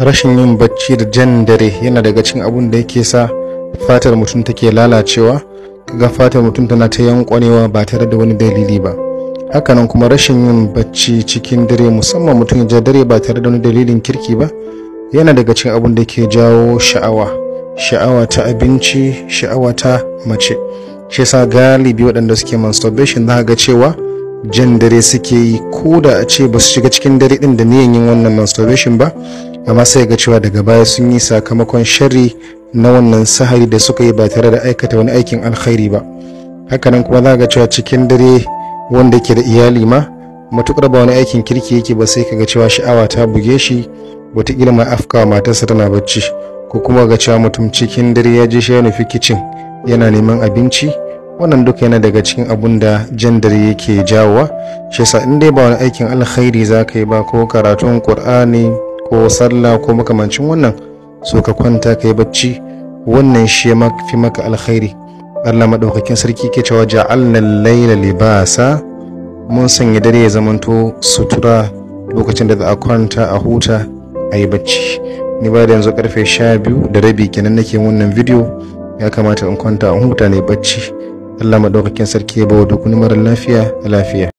rashin yin bacci da jan dare yana daga cikin abun da yake sa fatar mutum take lalacewa ga fatar mutum tana ta yankwanewa ba tare da wani dalili ba hakanan kuma rashin yin bacci cikin dare musamman mutum ya ja dare ba tare da wani dalilin kirki ba yana daga cikin abun da ke jawo sha'awa sha'awa ta abinci sha'awa ta mace shi sa galibi waɗanda suke masturbation za ga cewa jan dare suke yi ko da a ce ba su shiga cikin dare ɗin da niyan yin wannan masturbation ba amma sai ga cewa daga baya sun yi sakamakon sharri na wannan sahari da suka yi ba tare da aikata wani aikin alkhairi ba hakanan kuma za ga cewa cikin dare wanda ke da iyali ma matukar ba wani aikin kirki yake ba sai kaga cewa sha'awa ta buge shi wataƙila mai afkawa matarsa tana bacci ko kuma ga cewa mutum cikin dare ya je shi ya nufi kicin yana neman abinci wannan duka yana daga cikin abun da jan dare yake jawowa shi yasa in dai ba wani aikin alkhairi za ka yi ba ko karatun qur'ani ko sallah ko makamancin wannan so ka kwanta ka yi bacci wannan shi ya fi maka alkhairi Allah maɗaukakin sarki ke cewa ja'alna laila libasa mun sanya dare ya zamanto sutura lokacin da za a kwanta a huta a yi bacci ni ba da yanzu karfe sha biyu da rabi kenan nake wannan bidiyo ya kamata in kwanta a huta na ne bacci Allah maɗaukakin sarki ya bawa duk wani mara lafiya lafiya